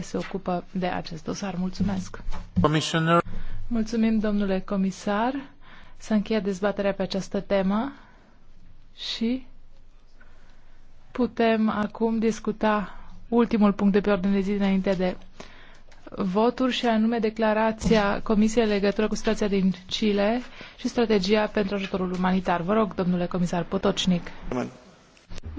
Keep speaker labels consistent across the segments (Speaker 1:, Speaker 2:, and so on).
Speaker 1: care se ocupă de acest dosar. Mulțumesc! Comisioner. Mulțumim, domnule comisar. S-a încheiat dezbaterea pe această temă și putem acum discuta ultimul punct de pe ordine de zi înainte de voturi și anume declarația Comisiei în legătură cu situația din Chile și strategia pentru ajutorul umanitar. Vă rog, domnule comisar Potocnic.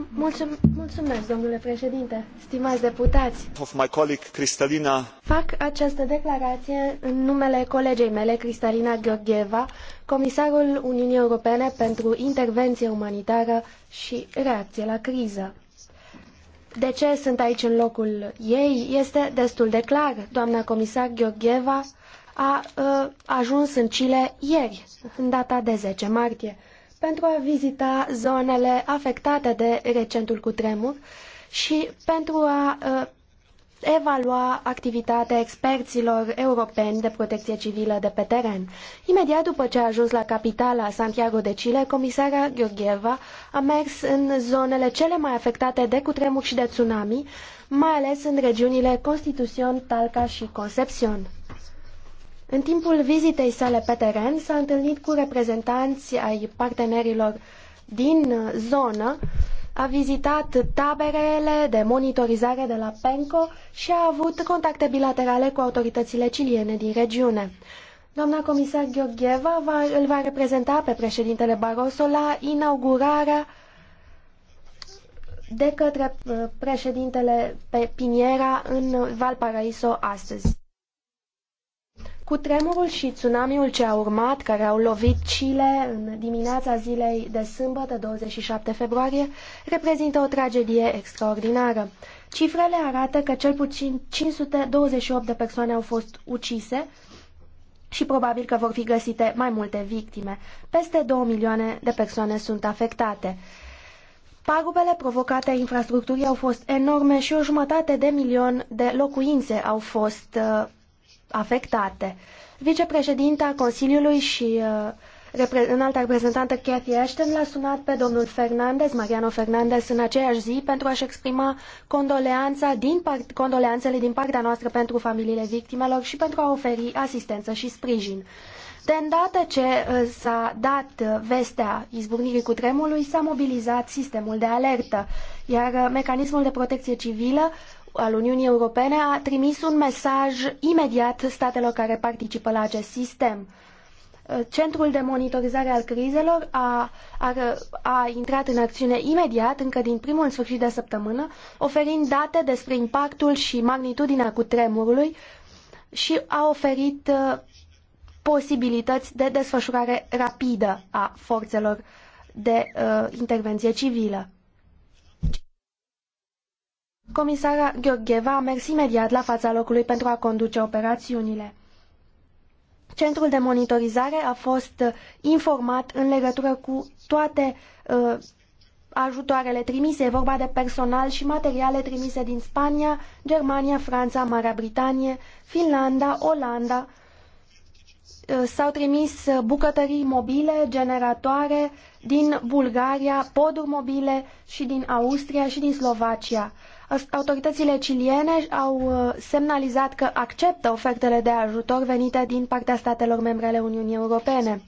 Speaker 2: Mulțum mulțumesc, domnule președinte, stimați deputați. Of my colleague, Cristalina. Fac această declarație în numele colegei mele, Cristalina Gheorgheva, comisarul Uniunii Europene pentru intervenție umanitară și reacție la criză. De ce sunt aici în locul ei este destul de clar. Doamna comisar Gheorgheva a, a uh, ajuns în Chile ieri, în data de 10 martie pentru a vizita zonele afectate de recentul cutremur și pentru a uh, evalua activitatea experților europeni de protecție civilă de pe teren. Imediat după ce a ajuns la capitala Santiago de Chile, comisara Gheorgheva a mers în zonele cele mai afectate de cutremur și de tsunami, mai ales în regiunile Constitución, Talca și Concepción. În timpul vizitei sale pe teren s-a întâlnit cu reprezentanți ai partenerilor din zonă, a vizitat taberele de monitorizare de la PENCO și a avut contacte bilaterale cu autoritățile ciliene din regiune. Doamna comisar Gheorgheva va, îl va reprezenta pe președintele Barroso la inaugurarea de către uh, președintele Piniera în Valparaiso astăzi. Cu tremurul și tsunamiul ce a urmat, care au lovit Chile în dimineața zilei de sâmbătă, 27 februarie, reprezintă o tragedie extraordinară. Cifrele arată că cel puțin 528 de persoane au fost ucise și probabil că vor fi găsite mai multe victime. Peste 2 milioane de persoane sunt afectate. Pagubele provocate infrastructurii au fost enorme și o jumătate de milion de locuințe au fost uh, afectate. Vicepreședinta Consiliului și uh, înalta reprezentantă Cathy Ashton l-a sunat pe domnul Fernandez, Mariano Fernandez, în aceeași zi pentru a-și exprima condoleanța din part, condoleanțele din partea noastră pentru familiile victimelor și pentru a oferi asistență și sprijin. De îndată ce uh, s-a dat uh, vestea izbucnirii tremului, s-a mobilizat sistemul de alertă, iar uh, mecanismul de protecție civilă al Uniunii Europene a trimis un mesaj imediat statelor care participă la acest sistem. Centrul de monitorizare al crizelor a, a, a intrat în acțiune imediat, încă din primul sfârșit de săptămână, oferind date despre impactul și magnitudinea cutremurului și a oferit uh, posibilități de desfășurare rapidă a forțelor de uh, intervenție civilă. Comisara Gheorgheva a mers imediat la fața locului pentru a conduce operațiunile. Centrul de monitorizare a fost uh, informat în legătură cu toate uh, ajutoarele trimise. E vorba de personal și materiale trimise din Spania, Germania, Franța, Marea Britanie, Finlanda, Olanda. Uh, S-au trimis uh, bucătării mobile, generatoare din Bulgaria, poduri mobile și din Austria și din Slovacia. Autoritățile ciliene au uh, semnalizat că acceptă ofertele de ajutor venite din partea statelor membre ale Uniunii Europene.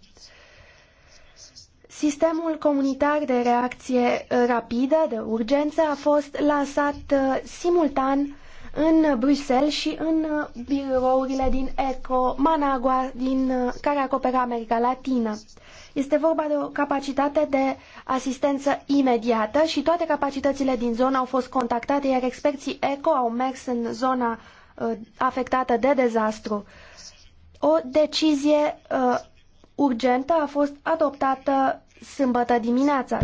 Speaker 2: Sistemul comunitar de reacție uh, rapidă, de urgență, a fost lansat uh, simultan în Bruxelles și în uh, birourile din ECO, Managua, din, uh, care acoperă America Latină. Este vorba de o capacitate de asistență imediată și toate capacitățile din zona au fost contactate, iar experții ECO au mers în zona uh, afectată de dezastru. O decizie uh, urgentă a fost adoptată sâmbătă dimineața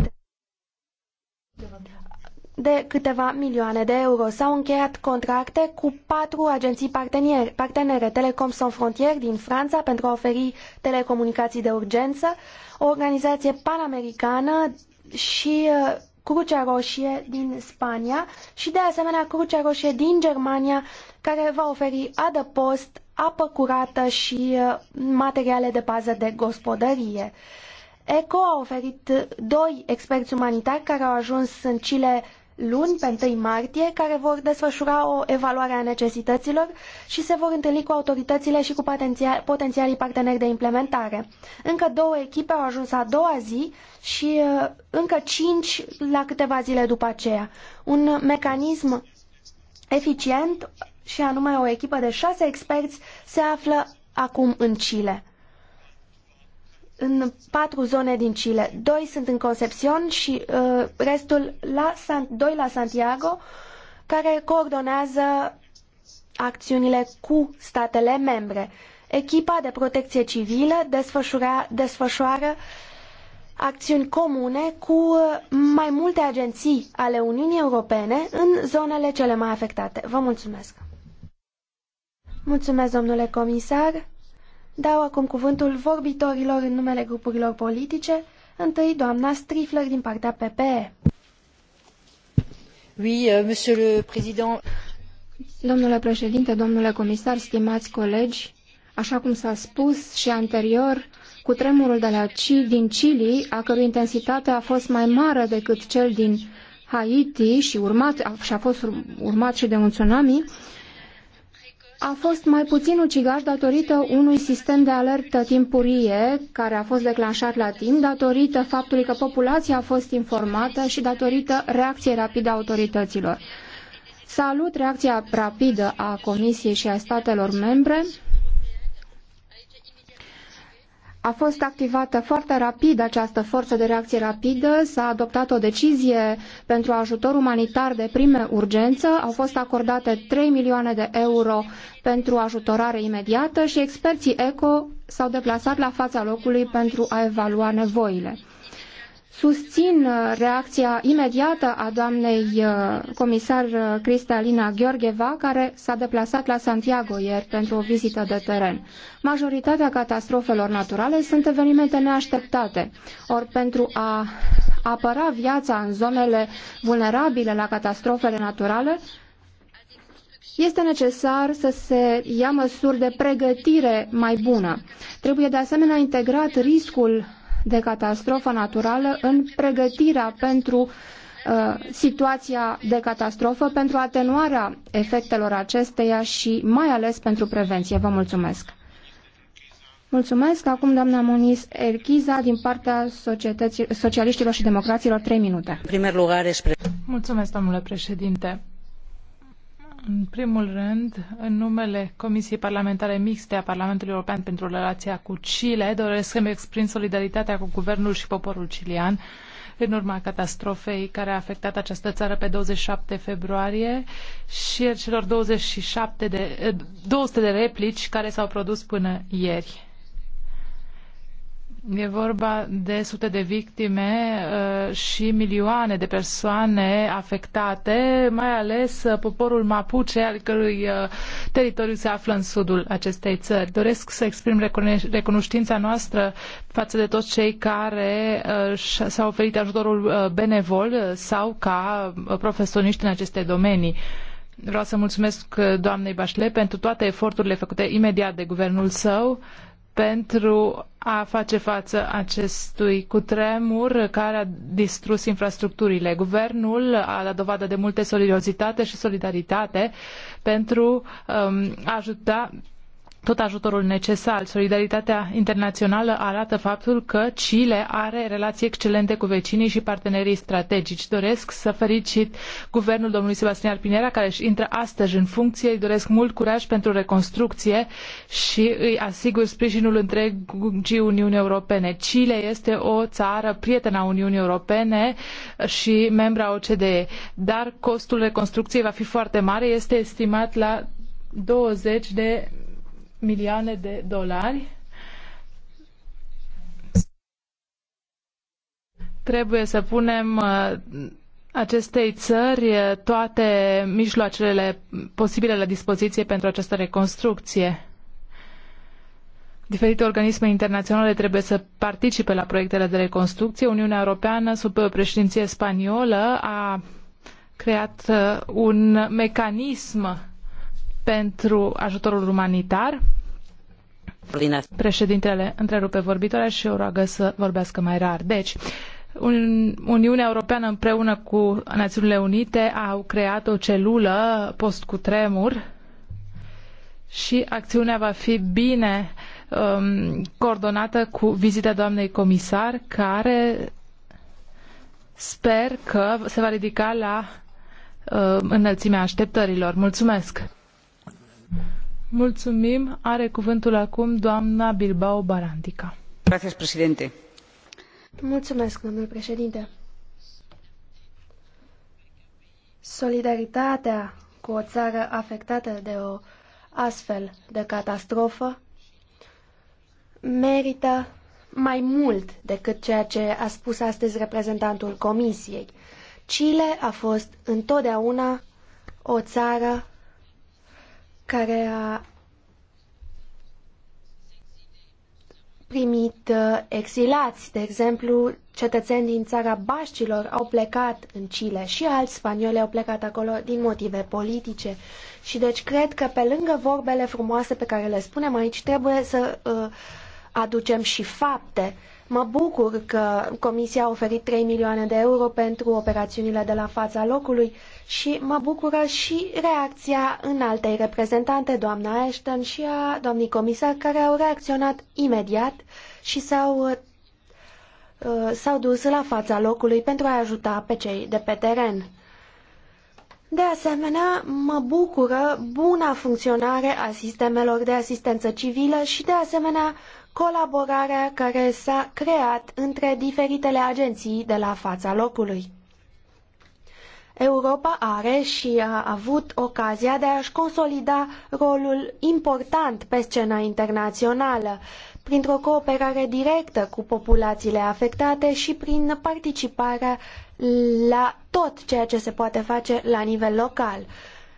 Speaker 2: de câteva milioane de euro. S-au încheiat contracte cu patru agenții parteneri, partenere, Telecom Sans Frontières din Franța pentru a oferi telecomunicații de urgență, o organizație panamericană și uh, Crucea Roșie din Spania și de asemenea Crucea Roșie din Germania care va oferi adăpost, apă curată și uh, materiale de bază de gospodărie. ECO a oferit doi experți umanitari care au ajuns în Chile luni, pe 1 martie, care vor desfășura o evaluare a necesităților și se vor întâlni cu autoritățile și cu potențialii parteneri de implementare. Încă două echipe au ajuns a doua zi și uh, încă cinci la câteva zile după aceea. Un mecanism eficient și anume o echipă de șase experți se află acum în Chile în patru zone din Chile. Doi sunt în Concepción și uh, restul la San, doi la Santiago, care coordonează acțiunile cu statele membre. Echipa de protecție civilă desfășoară acțiuni comune cu uh, mai multe agenții ale Uniunii Europene în zonele cele mai afectate. Vă mulțumesc! Mulțumesc, domnule comisar! Dau acum cuvântul vorbitorilor în numele grupurilor politice, întâi doamna Strifler din partea PPE.
Speaker 3: Oui, euh, monsieur le président. Domnule președinte, domnule comisar, stimați colegi, așa cum s-a spus și anterior, cu tremurul de la Ci, din Chile, a cărui intensitate a fost mai mare decât cel din Haiti și, urmat, și a fost urmat și de un tsunami, a fost mai puțin ucigaș datorită unui sistem de alertă timpurie care a fost declanșat la timp, datorită faptului că populația a fost informată și datorită reacției rapide a autorităților. Salut reacția rapidă a Comisiei și a statelor membre a fost activată foarte rapid această forță de reacție rapidă, s-a adoptat o decizie pentru ajutor umanitar de prime urgență, au fost acordate 3 milioane de euro pentru ajutorare imediată și experții ECO s-au deplasat la fața locului pentru a evalua nevoile. Susțin uh, reacția
Speaker 1: imediată
Speaker 3: a doamnei uh, comisar uh, Cristalina Gheorgheva, care s-a deplasat la Santiago ieri pentru o vizită de teren. Majoritatea catastrofelor naturale sunt evenimente neașteptate, ori pentru a apăra viața în zonele vulnerabile la catastrofele naturale, este necesar să se ia măsuri de pregătire mai bună. Trebuie de asemenea integrat riscul de catastrofă naturală în pregătirea pentru uh, situația de catastrofă pentru atenuarea efectelor acesteia și mai ales pentru prevenție. Vă mulțumesc! Mulțumesc! Acum doamna Moniz Erchiza din partea Societății, Socialiștilor și Democraților, trei minute. În
Speaker 1: primer lugar, Mulțumesc, domnule președinte! În primul rând, în numele Comisiei Parlamentare Mixte a Parlamentului European pentru relația cu Chile, doresc să-mi exprim solidaritatea cu guvernul și poporul chilian în urma catastrofei care a afectat această țară pe 27 februarie și celor 27 de, 200 eh, de replici care s-au produs până ieri. E vorba de sute de victime uh, și milioane de persoane afectate, mai ales uh, poporul Mapuche, al cărui uh, teritoriu se află în sudul acestei țări. Doresc să exprim recunoștința noastră față de toți cei care s-au oferit ajutorul benevol sau ca profesioniști în aceste domenii. Vreau să mulțumesc doamnei Bachelet pentru toate eforturile făcute imediat de guvernul său uh, pentru a face față acestui cutremur care a distrus infrastructurile. Guvernul a dat dovadă de multă solidaritate și solidaritate pentru um, a ajuta tot ajutorul necesar. Solidaritatea internațională arată faptul că Chile are relații excelente cu vecinii și partenerii strategici. Doresc să felicit guvernul domnului Sebastian Piñera, care își intră astăzi în funcție. Îi doresc mult curaj pentru reconstrucție și îi asigur sprijinul întregii Uniuni Europene. Chile este o țară prietena Uniunii Europene și membra OCDE, dar costul reconstrucției va fi foarte mare. Este estimat la 20 de milioane de dolari. Trebuie să punem uh, acestei țări uh, toate mijloacele posibile la dispoziție pentru această reconstrucție. Diferite organisme internaționale trebuie să participe la proiectele de reconstrucție. Uniunea Europeană, sub președinție spaniolă, a creat uh, un mecanism pentru ajutorul umanitar. Președintele întrerupe vorbitoarea și o roagă să vorbească mai rar. Deci, Uniunea Europeană împreună cu Națiunile Unite au creat o celulă post-cutremur și acțiunea va fi bine um, coordonată cu vizita doamnei comisar, care sper că se va ridica la uh, înălțimea așteptărilor. Mulțumesc! Mulțumim. Are cuvântul acum doamna Bilbao Barandica.
Speaker 3: Gracias, președinte.
Speaker 1: Mulțumesc, domnul președinte.
Speaker 2: Solidaritatea cu o țară afectată de o astfel de catastrofă merită mai mult decât ceea ce a spus astăzi reprezentantul Comisiei. Chile a fost întotdeauna o țară care a primit uh, exilați. De exemplu, cetățeni din țara Bașcilor au plecat în Chile și alți spanioli au plecat acolo din motive politice. Și deci cred că pe lângă vorbele frumoase pe care le spunem aici, trebuie să uh, aducem și fapte. Uh, Mă bucur că Comisia a oferit 3 milioane de euro pentru operațiunile de la fața locului și mă bucură și reacția înaltei reprezentante, doamna Ashton și a doamnei comisar, care au reacționat imediat și s-au uh, s-au dus la fața locului pentru a ajuta pe cei de pe teren. De asemenea, mă bucură buna funcționare a sistemelor de asistență civilă și, de asemenea, colaborarea care s-a creat între diferitele agenții de la fața locului. Europa are și a avut ocazia de a-și consolida rolul important pe scena internațională, printr-o cooperare directă cu populațiile afectate și prin participarea la tot ceea ce se poate face la nivel local.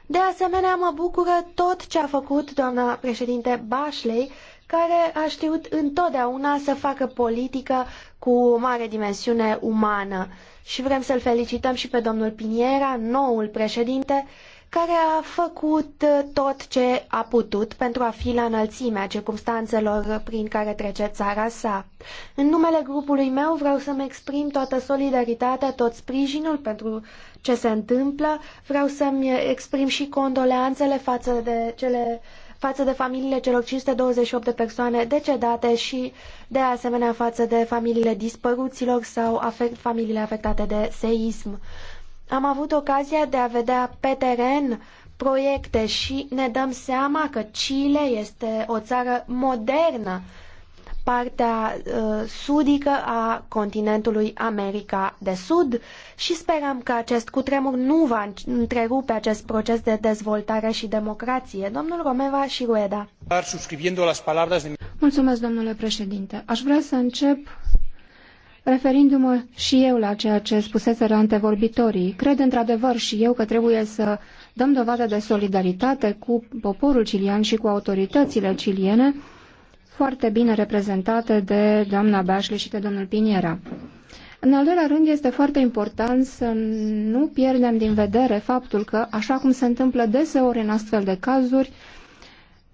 Speaker 2: De asemenea, mă bucură tot ce a făcut doamna președinte Bașley care a știut întotdeauna să facă politică cu mare dimensiune umană. Și vrem să-l felicităm și pe domnul Piniera, noul președinte, care a făcut uh, tot ce a putut pentru a fi la înălțimea circumstanțelor prin care trece țara sa. În numele grupului meu vreau să-mi exprim toată solidaritatea, tot sprijinul pentru ce se întâmplă, vreau să-mi exprim și condoleanțele față de cele față de familiile celor 528 de persoane decedate și, de asemenea, față de familiile dispăruților sau afect, familiile afectate de seism. Am avut ocazia de a vedea pe teren proiecte și ne dăm seama că Chile este o țară modernă partea uh, sudică a continentului America de Sud și sperăm că acest cutremur nu va întrerupe acest proces de dezvoltare și democrație. Domnul Romeva și Rueda. Mulțumesc, domnule președinte. Aș vrea să
Speaker 3: încep referindu-mă și eu la ceea ce spuseseră antevorbitorii. Cred într-adevăr și eu că trebuie să dăm dovadă de solidaritate cu poporul cilian și cu autoritățile ciliene, foarte bine reprezentate de doamna Bașle și de domnul Piniera. În al doilea rând, este foarte important să nu pierdem din vedere faptul că, așa cum se întâmplă deseori în astfel de cazuri,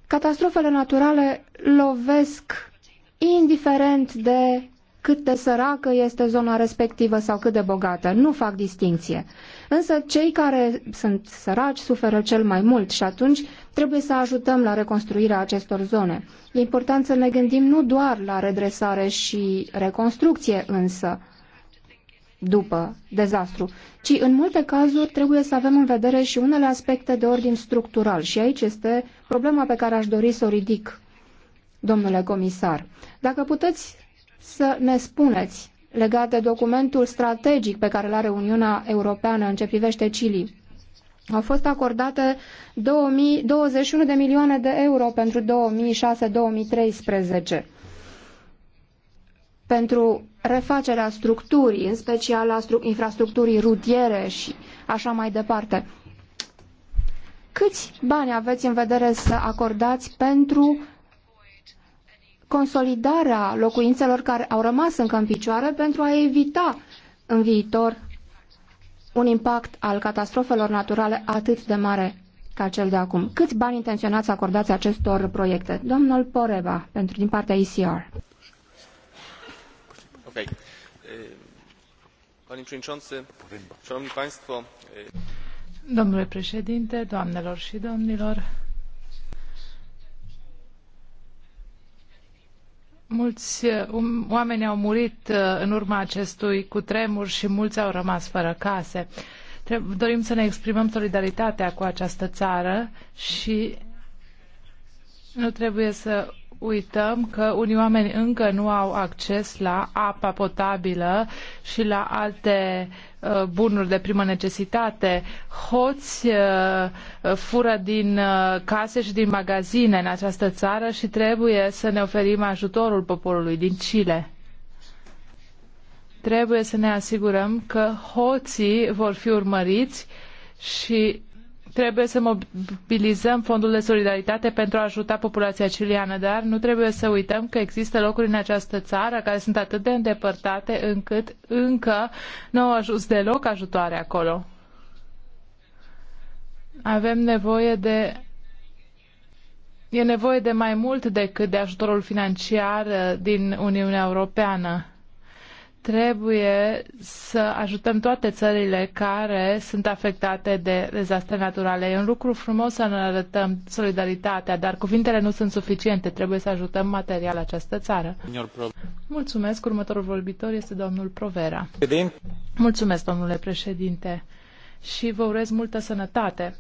Speaker 3: catastrofele naturale lovesc indiferent de cât de săracă este zona respectivă sau cât de bogată. Nu fac distinție. Însă cei care sunt săraci suferă cel mai mult și atunci trebuie să ajutăm la reconstruirea acestor zone. E important să ne gândim nu doar la redresare și reconstrucție însă după dezastru, ci în multe cazuri trebuie să avem în vedere și unele aspecte de ordin structural și aici este problema pe care aș dori să o ridic, domnule comisar. Dacă puteți să ne spuneți legat de documentul strategic pe care îl are Uniunea Europeană în ce privește Chile. Au fost acordate 2000, 21 de milioane de euro pentru 2006-2013 pentru refacerea structurii, în special a stru- infrastructurii rutiere și așa mai departe. Câți bani aveți în vedere să acordați pentru consolidarea locuințelor care au rămas încă în picioare pentru a evita în viitor un impact al catastrofelor naturale atât de mare ca cel de acum. Câți bani intenționați acordați acestor proiecte? Domnul Poreba, pentru din partea ICR.
Speaker 2: Okay. Panie Przewodniczący, Szanowni Państwo.
Speaker 1: Domnule președinte, doamnelor și domnilor, Mulți uh, um, oameni au murit uh, în urma acestui cutremur și mulți au rămas fără case. Dorim să ne exprimăm solidaritatea cu această țară și nu trebuie să uităm că unii oameni încă nu au acces la apa potabilă și la alte uh, bunuri de primă necesitate. Hoți uh, fură din uh, case și din magazine în această țară și trebuie să ne oferim ajutorul poporului din Chile trebuie să ne asigurăm că hoții vor fi urmăriți și Trebuie să mobilizăm fondul de solidaritate pentru a ajuta populația ciliană, dar nu trebuie să uităm că există locuri în această țară care sunt atât de îndepărtate încât încă nu au ajuns deloc ajutoare acolo. Avem nevoie de E nevoie de mai mult decât de ajutorul financiar uh, din Uniunea Europeană trebuie să ajutăm toate țările care sunt afectate de dezastre naturale. E un lucru frumos să ne arătăm solidaritatea, dar cuvintele nu sunt suficiente. Trebuie să ajutăm material această țară. Mulțumesc. Următorul vorbitor este domnul Provera. Mulțumesc, domnule președinte. Și vă urez multă sănătate.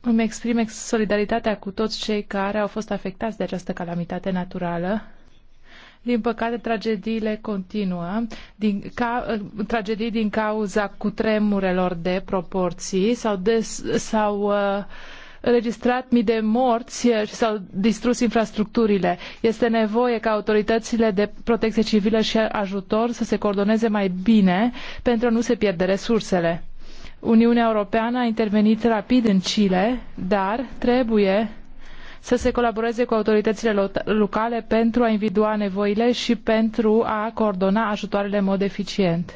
Speaker 1: Îmi exprim solidaritatea cu toți cei care au fost afectați de această calamitate naturală din păcate, tragediile continuă, din, ca, tragedii din cauza cutremurelor de proporții sau, des, sau uh, Registrat mii de morți uh, și s-au distrus infrastructurile. Este nevoie ca autoritățile de protecție civilă și ajutor să se coordoneze mai bine pentru a nu se pierde resursele. Uniunea Europeană a intervenit rapid în Chile, dar trebuie să se colaboreze cu autoritățile locale pentru a individua nevoile și pentru a coordona ajutoarele în mod eficient.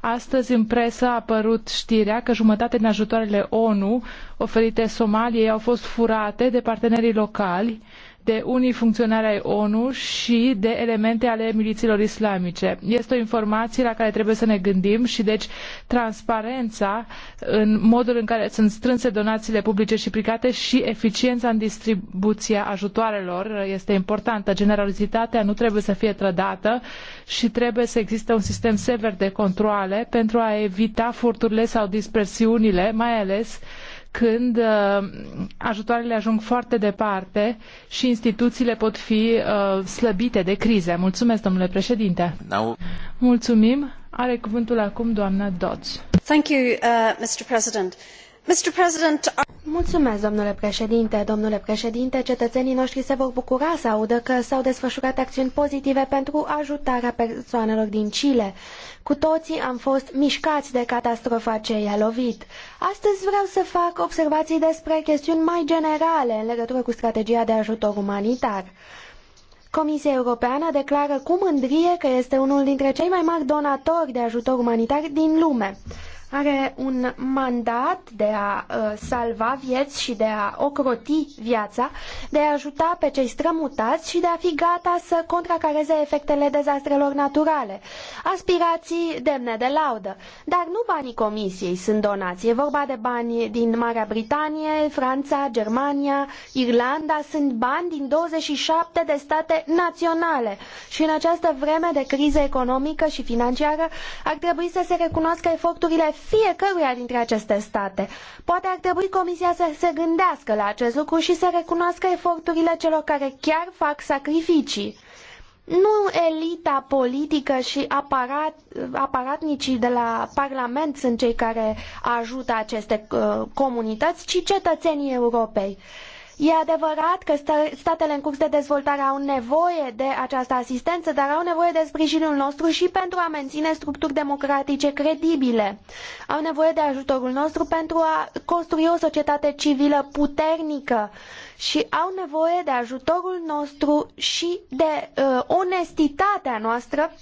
Speaker 1: Astăzi în presă a apărut știrea că jumătate din ajutoarele ONU oferite Somaliei au fost furate de partenerii locali de unii funcționari ai ONU și de elemente ale milițiilor islamice. Este o informație la care trebuie să ne gândim și deci transparența în modul în care sunt strânse donațiile publice și private și eficiența în distribuția ajutoarelor este importantă. Generozitatea nu trebuie să fie trădată și trebuie să existe un sistem sever de controle pentru a evita furturile sau dispersiunile, mai ales când uh, ajutoarele ajung foarte departe și instituțiile pot fi uh, slăbite de crize. Mulțumesc, domnule președinte. No. Mulțumim. Are cuvântul acum doamna Dodds. Thank you, uh, Mr. President.
Speaker 2: Uh, domnule președinte. Domnule președinte, cetățenii noștri se vor bucura să audă că s-au desfășurat acțiuni pozitive pentru ajutarea persoanelor din Chile. Cu toții am fost mișcați de catastrofa ce i-a lovit. Astăzi vreau să fac observații despre chestiuni mai generale în legătură cu strategia de ajutor umanitar. Comisia Europeană declară cu mândrie că este unul dintre cei mai mari donatori de ajutor umanitar din lume are un mandat de a uh, salva vieți și de a ocroti viața, de a ajuta pe cei strămutați și de a fi gata să contracareze efectele dezastrelor naturale. Aspirații demne de laudă. Dar nu banii comisiei sunt donați. E vorba de bani din Marea Britanie, Franța, Germania, Irlanda. Sunt bani din 27 de state naționale. Și în această vreme de criză economică și financiară ar trebui să se recunoască eforturile fiecăruia dintre aceste state. Poate ar trebui Comisia să se gândească la acest lucru și să recunoască eforturile celor care chiar fac sacrificii. Nu elita politică și aparat, aparatnicii de la Parlament sunt cei care ajută aceste uh, comunități, ci cetățenii europei. Uh, E adevărat că statele în curs de dezvoltare au nevoie de această asistență, dar au nevoie de sprijinul nostru și pentru a menține structuri democratice credibile. Au nevoie de ajutorul nostru pentru a construi o societate civilă puternică și au nevoie de ajutorul nostru și de uh, onestitatea noastră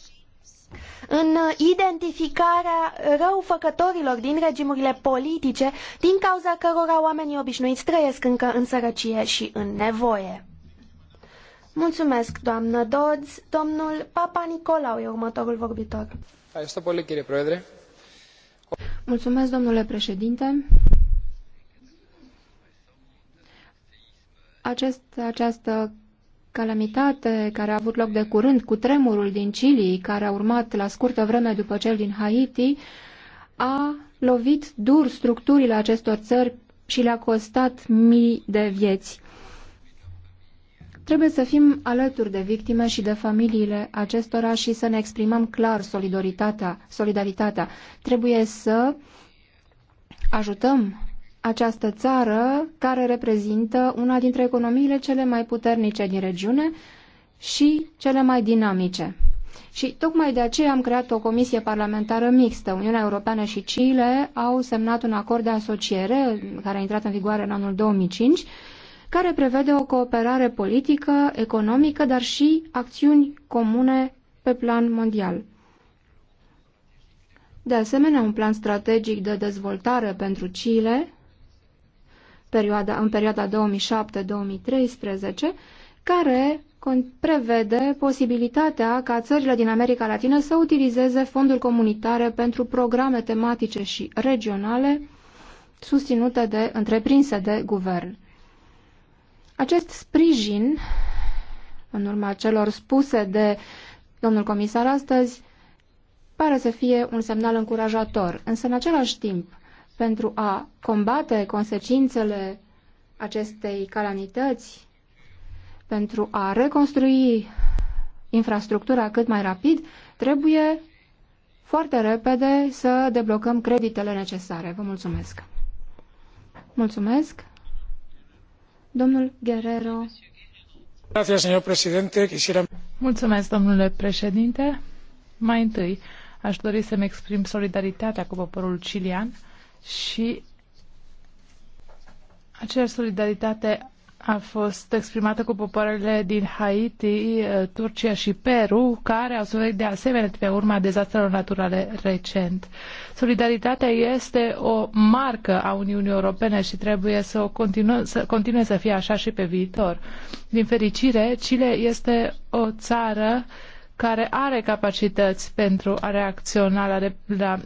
Speaker 2: în identificarea răufăcătorilor din regimurile politice, din cauza cărora oamenii obișnuiți trăiesc încă în sărăcie și în nevoie. Mulțumesc, doamnă Dodds. Domnul Papa Nicolau e următorul vorbitor. Mulțumesc, domnule președinte.
Speaker 3: Acest, această calamitate care a avut loc de curând cu tremurul din Chile, care a urmat la scurtă vreme după cel din Haiti, a lovit dur structurile acestor țări și le-a costat mii de vieți. Trebuie să fim alături de victime și de familiile acestora și să ne exprimăm clar solidaritatea. solidaritatea. Trebuie să ajutăm această țară care reprezintă una dintre economiile cele mai puternice din regiune și cele mai dinamice. Și tocmai de aceea am creat o comisie parlamentară mixtă. Uniunea Europeană și Chile au semnat un acord de asociere care a intrat în vigoare în anul 2005 care prevede o cooperare politică, economică, dar și acțiuni comune pe plan mondial. De asemenea, un plan strategic de dezvoltare pentru Chile, perioada, în perioada 2007-2013, care prevede posibilitatea ca țările din America Latină să utilizeze fonduri comunitare pentru programe tematice și regionale susținute de întreprinse de guvern. Acest sprijin, în urma celor spuse de domnul comisar astăzi, pare să fie un semnal încurajator, însă în același timp pentru a combate consecințele acestei calamități, pentru a reconstrui infrastructura cât mai rapid, trebuie foarte repede să deblocăm creditele necesare. Vă mulțumesc!
Speaker 1: Mulțumesc! Domnul Guerrero. Mulțumesc, domnule președinte. Mai întâi, aș dori să-mi exprim solidaritatea cu poporul cilian și aceeași solidaritate a fost exprimată cu popoarele din Haiti, eh, Turcia și Peru, care au suferit de asemenea pe urma dezastrelor naturale recent. Solidaritatea este o marcă a Uniunii Europene și trebuie să, o continu- să continue să fie așa și pe viitor. Din fericire, Chile este o țară care are capacități pentru a reacționa la, la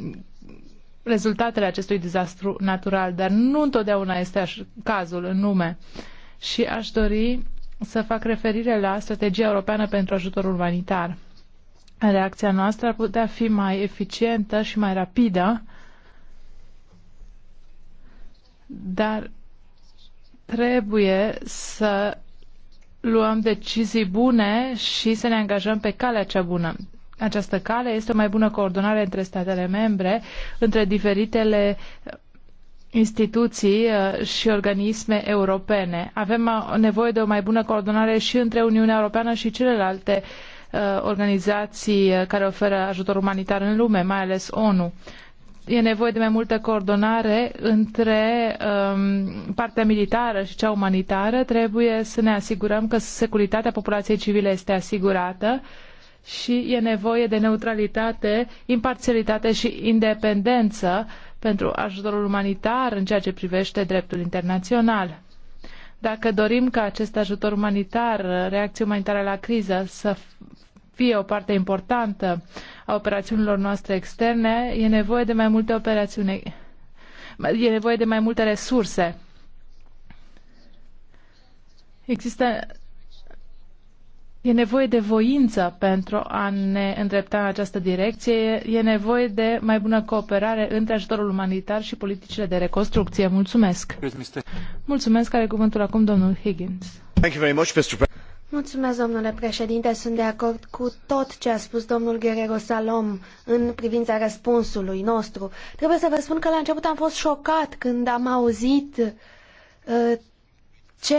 Speaker 1: rezultatele acestui dezastru natural, dar nu întotdeauna este așa cazul în lume. Și aș dori să fac referire la strategia europeană pentru ajutorul umanitar. Reacția noastră ar putea fi mai eficientă și mai rapidă, dar trebuie să luăm decizii bune și să ne angajăm pe calea cea bună această cale este o mai bună coordonare între statele membre, între diferitele instituții uh, și organisme europene. Avem uh, nevoie de o mai bună coordonare și între Uniunea Europeană și celelalte uh, organizații care oferă ajutor umanitar în lume, mai ales ONU e nevoie de mai multă coordonare între um, partea militară și cea umanitară. Trebuie să ne asigurăm că securitatea populației civile este asigurată. Uh, și e nevoie de neutralitate, imparțialitate și independență pentru ajutorul umanitar în ceea ce privește dreptul internațional. Dacă dorim ca acest ajutor umanitar, reacția umanitară la criză, să fie o parte importantă a operațiunilor noastre externe, e nevoie de mai multe operațiuni, e nevoie de mai multe resurse. Există E nevoie de voință pentru a ne îndrepta în această direcție. E nevoie de mai bună cooperare între ajutorul umanitar și politicile de reconstrucție. Mulțumesc! Mulțumesc, are cuvântul acum domnul Higgins. Thank you very much, Mr. Mulțumesc,
Speaker 2: domnule președinte. Sunt de acord cu tot ce a spus domnul Guerrero Salom în privința răspunsului nostru. Trebuie să vă spun că la început am fost șocat când am auzit uh, ce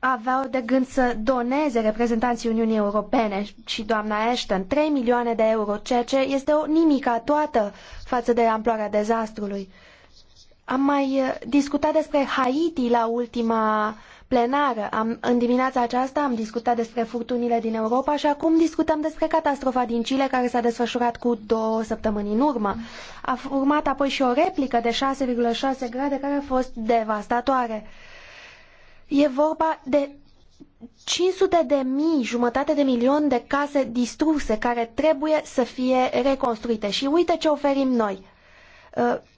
Speaker 2: aveau de gând să doneze reprezentanții Uniunii Europene și doamna Ashton 3 milioane de euro, ceea ce este o nimica toată față de amploarea dezastrului. Am mai eh, discutat despre Haiti la ultima plenară. Am, în dimineața aceasta am discutat despre furtunile din Europa și acum discutăm despre catastrofa din Chile care s-a desfășurat cu două săptămâni în urmă. A urmat apoi și o replică de 6,6 grade care a fost devastatoare. Uh, E vorba de 500 de mii, jumătate de milion de case distruse care trebuie să fie reconstruite. Și uite ce oferim noi.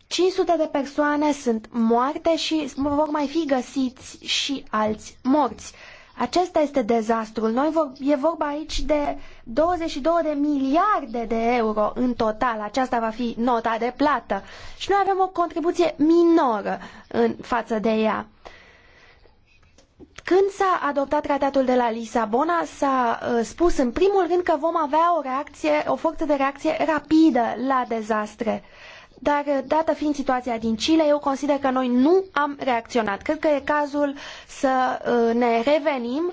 Speaker 2: 500 uh, de persoane sunt moarte și vor mai fi găsiți și alți morți. Acesta este dezastrul. Noi vor, e vorba aici de 22 de miliarde de euro în total. Aceasta va fi nota de plată. Și noi avem o contribuție minoră în față de ea. Când s-a adoptat tratatul de la Lisabona, s-a uh, spus în primul rând că vom avea o reacție, o forță de reacție rapidă la dezastre. Dar, uh, dată fiind situația din Chile, eu consider că noi nu am reacționat. Cred că e cazul să uh, ne revenim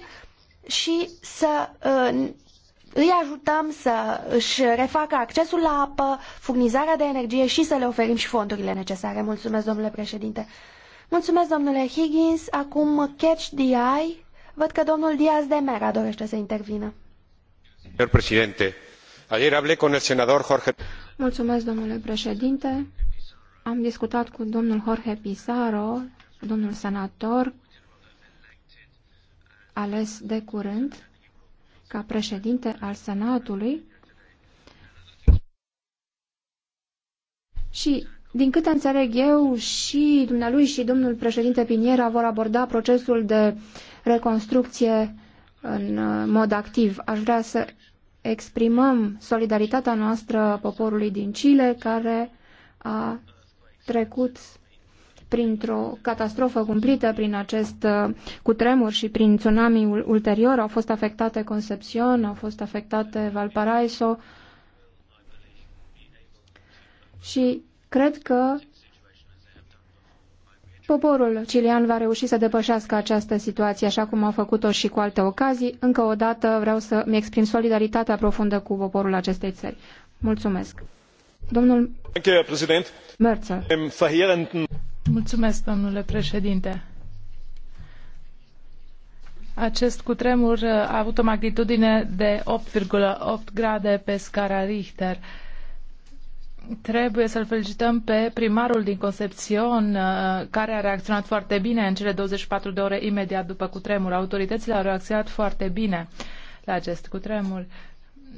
Speaker 2: și să îi ajutăm să își refacă accesul la apă, furnizarea de energie și să le oferim și fondurile necesare. Mulțumesc, domnule președinte. Mulțumesc, domnule Higgins. Acum catch the eye. Văd că domnul Diaz de Mera dorește să intervină. Domnul președinte, ayer hablé con el senador Jorge... Mulțumesc,
Speaker 3: domnule președinte. Am discutat cu domnul Jorge Pizarro, domnul senator, ales de curând ca președinte al Senatului și din câte înțeleg eu, și dumnealui și domnul președinte Piniera vor aborda procesul de reconstrucție în uh, mod activ. Aș vrea să exprimăm solidaritatea noastră poporului din Chile, care a trecut printr-o catastrofă cumplită, prin acest uh, cutremur și prin tsunamiul ulterior. Au fost afectate Concepțion, au fost afectate Valparaiso și Cred că poporul cilian va reuși să depășească această situație, așa cum au făcut-o și cu alte ocazii. Încă o dată vreau să-mi exprim solidaritatea profundă cu poporul acestei țări. Mulțumesc.
Speaker 1: Domnul Mărță. Mulțumesc, domnule președinte. Acest cutremur a avut o magnitudine de 8,8 grade pe scara Richter. Trebuie să-l felicităm pe primarul din Concepțion, uh, care a reacționat foarte bine în cele 24 de ore imediat după cutremur. Autoritățile au reacționat foarte bine la acest cutremur,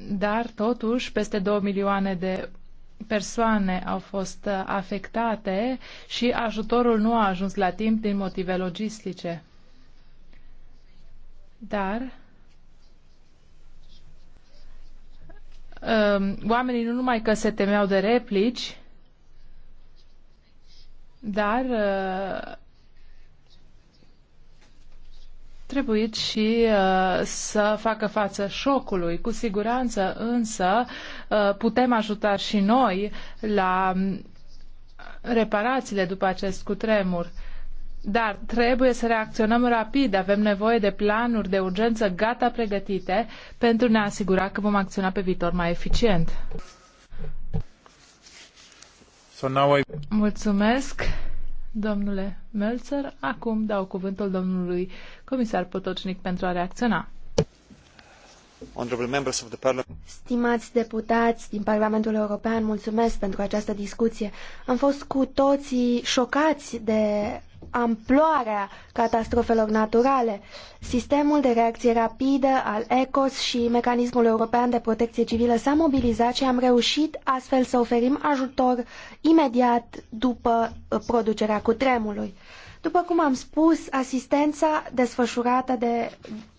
Speaker 1: dar totuși peste 2 milioane de persoane au fost uh, afectate și ajutorul nu a ajuns la timp din motive logistice. Dar Um, oamenii nu numai că se temeau de replici, dar uh, trebuit și uh, să facă față șocului. Cu siguranță însă uh, putem ajuta și noi la reparațiile după acest cutremur. Dar trebuie să reacționăm rapid, avem nevoie de planuri de urgență gata pregătite pentru a ne asigura că vom acționa pe viitor mai eficient. So now I... Mulțumesc, domnule Melzer. Acum dau cuvântul domnului comisar Potocnic pentru a reacționa. Stimați deputați din Parlamentul European, mulțumesc
Speaker 2: pentru această discuție. Am fost cu toții șocați de amploarea catastrofelor naturale. Sistemul de reacție rapidă al ECOS și Mecanismul European de Protecție Civilă s-a mobilizat și am reușit astfel să oferim ajutor imediat după producerea cutremului. După cum am spus, asistența desfășurată de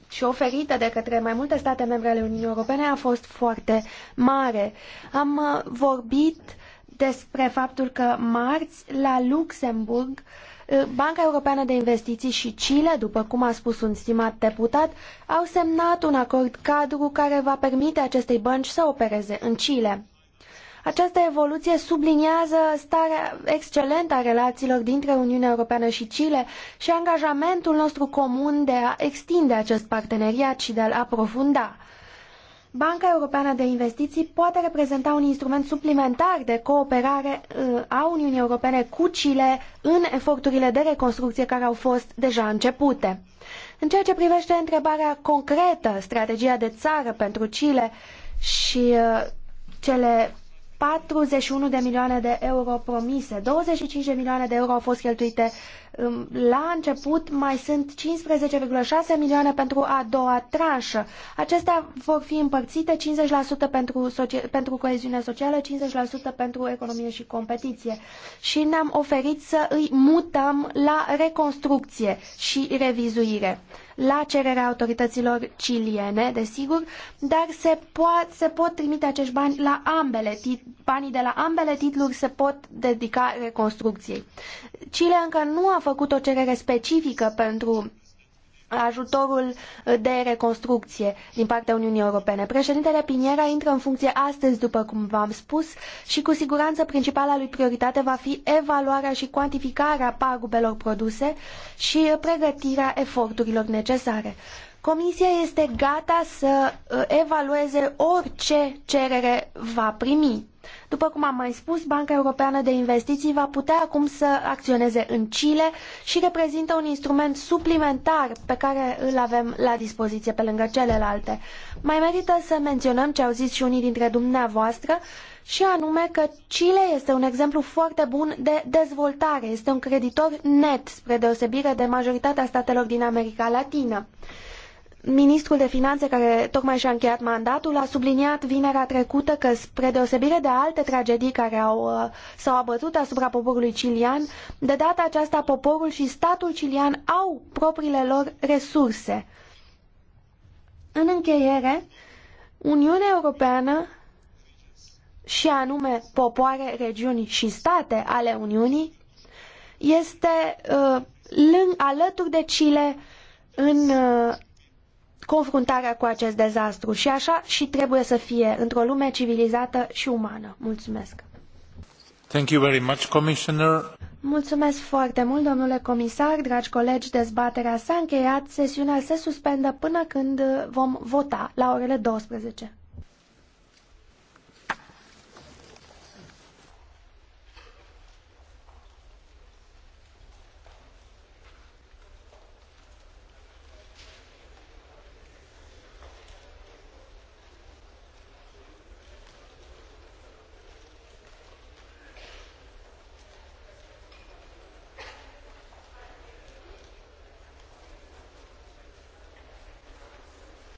Speaker 2: și oferită de către mai multe state membre ale Uniunii Europene a fost foarte mare. Am uh, vorbit despre faptul că marți la Luxemburg uh, Eh, Banca Europeană de Investiții și Chile, după cum a spus un stimat deputat, au semnat un acord cadru care va permite acestei bănci să opereze în Chile. Această evoluție subliniază starea excelentă a relațiilor dintre Uniunea Europeană și Chile și angajamentul nostru comun de a extinde acest parteneriat și de a-l aprofunda. Banca Europeană de Investiții poate reprezenta un instrument suplimentar de cooperare uh, a Uniunii Europene cu Chile în eforturile de reconstrucție care au fost deja începute. În ceea ce privește întrebarea concretă, strategia de țară pentru Chile și uh, cele 41 de milioane de euro promise, 25 de milioane de euro au fost cheltuite la început mai sunt 15,6 milioane pentru a doua tranșă. Acestea vor fi împărțite 50% pentru, socia- pentru coeziune socială, 50% pentru economie și competiție. Și ne-am oferit să îi mutăm la reconstrucție și revizuire la cererea autorităților ciliene, desigur, dar se, poat, se pot trimite acești bani la ambele titluri, banii de la ambele titluri se pot dedica reconstrucției. Chile încă nu a făcut o cerere specifică pentru ajutorul de reconstrucție din partea Uniunii Europene. Președintele Piniera intră în funcție astăzi, după cum v-am spus, și cu siguranță principala lui prioritate va fi evaluarea și cuantificarea pagubelor produse și pregătirea eforturilor necesare. Comisia este gata să uh, evalueze orice cerere va primi. După cum am mai spus, Banca Europeană de Investiții va putea acum să acționeze în Chile și reprezintă un instrument suplimentar pe care îl avem la dispoziție pe lângă celelalte. Mai merită să menționăm ce au zis și unii dintre dumneavoastră, și anume că Chile este un exemplu foarte bun de dezvoltare, este un creditor net, spre deosebire de majoritatea statelor din America Latină. Ministrul de Finanțe, care tocmai și-a încheiat mandatul, a subliniat vinerea trecută că, spre deosebire de alte tragedii care au, uh, s-au abătut asupra poporului cilian, de data aceasta poporul și statul cilian au propriile lor resurse. În încheiere, Uniunea Europeană și anume popoare, regiuni și state ale Uniunii, este uh, lâng, alături de Chile în uh, confruntarea cu acest dezastru și așa și trebuie să fie într-o lume civilizată și umană. Mulțumesc!
Speaker 1: Thank you very much, Commissioner.
Speaker 2: Mulțumesc foarte mult, domnule comisar, dragi colegi, dezbaterea s-a încheiat, sesiunea se suspendă până când vom vota la orele 12.